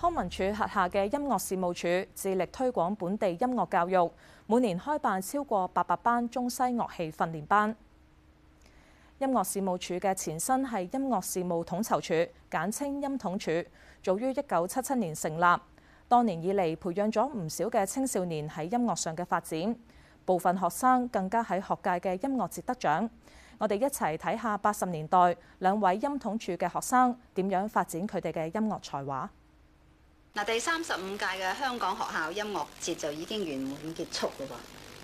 康文署轄下嘅音樂事務處致力推廣本地音樂教育，每年開辦超過八百班中西樂器訓練班。音樂事務處嘅前身係音樂事務統籌處，簡稱音統處，早於一九七七年成立。多年以嚟，培養咗唔少嘅青少年喺音樂上嘅發展。部分學生更加喺學界嘅音樂節得獎。我哋一齊睇下八十年代兩位音統處嘅學生點樣發展佢哋嘅音樂才華。嗱，第三十五屆嘅香港學校音樂節就已經圓滿結束啦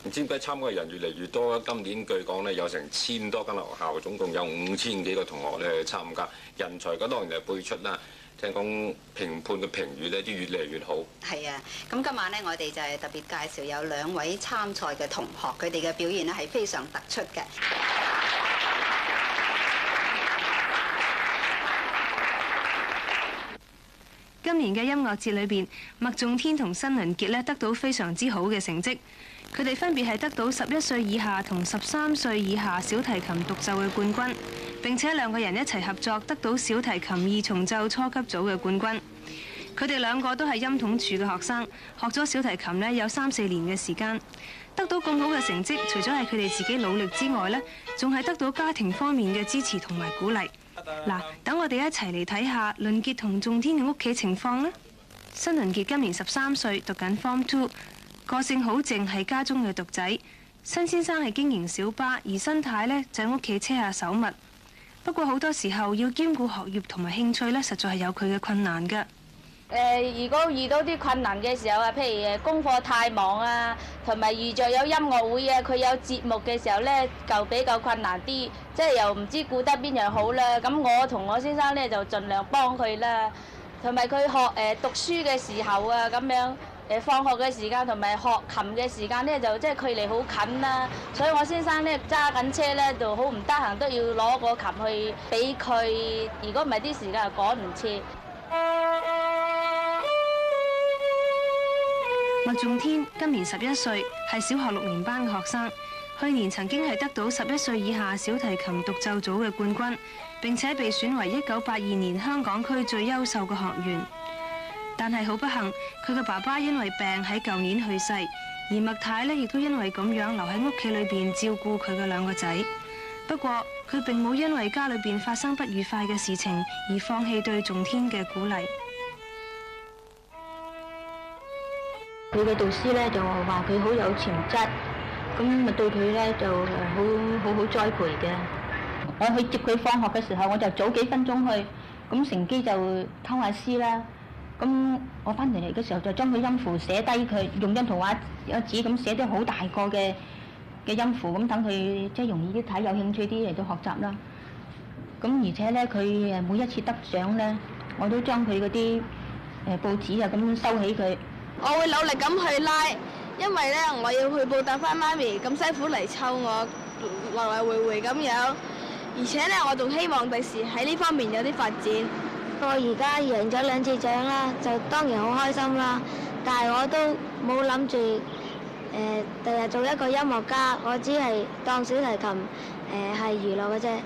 喎！唔知點解參加嘅人越嚟越多啦，今年據講咧有成千多間學校，總共有五千幾個同學咧參加，人才咁當然就係輩出啦。聽講評判嘅評語咧都越嚟越好。係啊，咁今晚咧我哋就係特別介紹有兩位參賽嘅同學，佢哋嘅表現咧係非常突出嘅。今年嘅音樂節裏邊，麥仲天同新倫傑咧得到非常之好嘅成績，佢哋分別係得到十一歲以下同十三歲以下小提琴獨奏嘅冠軍，並且兩個人一齊合作得到小提琴二重奏初級組嘅冠軍。佢哋兩個都係音統處嘅學生，學咗小提琴呢有三四年嘅時間，得到咁好嘅成績，除咗係佢哋自己努力之外呢，仲係得到家庭方面嘅支持同埋鼓勵嗱、啊。等我哋一齊嚟睇下倫杰同仲天嘅屋企情況啦。新倫杰今年十三歲，讀緊 Form Two，個性好靜，係家中嘅獨仔。新先生係經營小巴，而新太呢就喺屋企車下手物。不過好多時候要兼顧學業同埋興趣呢，實在係有佢嘅困難㗎。誒、呃，如果遇到啲困難嘅時候啊，譬如誒功課太忙啊，同埋遇著有音樂會啊，佢有節目嘅時候咧，就比較困難啲，即係又唔知顧得邊樣好啦。咁我同我先生咧就盡量幫佢啦，同埋佢學誒、呃、讀書嘅時候啊，咁樣誒、呃、放學嘅時間同埋學琴嘅時間咧，就即係距離好近啦。所以我先生咧揸緊車咧就好唔得閒，都要攞個琴去俾佢。如果唔係啲時間趕唔切。麥仲天今年十一歲，係小學六年班嘅學生。去年曾經係得到十一歲以下小提琴獨奏組嘅冠軍，並且被選為一九八二年香港區最優秀嘅學員。但係好不幸，佢嘅爸爸因為病喺舊年去世，而麥太呢亦都因為咁樣留喺屋企裏邊照顧佢嘅兩個仔。不過佢並冇因為家裏邊發生不愉快嘅事情而放棄對仲天嘅鼓勵。佢嘅導師咧，就話佢好有潛質，咁咪對佢咧就好好好栽培嘅。我去接佢放學嘅時候，我就早幾分鐘去，咁乘機就偷下師啦。咁我翻嚟嚟嘅時候，就將佢音符寫低佢，用音圖畫一紙咁寫啲好大個嘅嘅音符，咁等佢即係容易啲睇，有興趣啲嚟到學習啦。咁而且咧，佢誒每一次得獎咧，我都將佢嗰啲誒報紙啊咁收起佢。我會努力咁去拉，因為呢，我要去報答翻媽咪咁辛苦嚟湊我來來回回咁樣，而且呢，我仲希望第時喺呢方面有啲發展。我而家贏咗兩次獎啦，就當然好開心啦。但係我都冇諗住誒第日做一個音樂家，我只係當小提琴誒係娛樂嘅啫。呃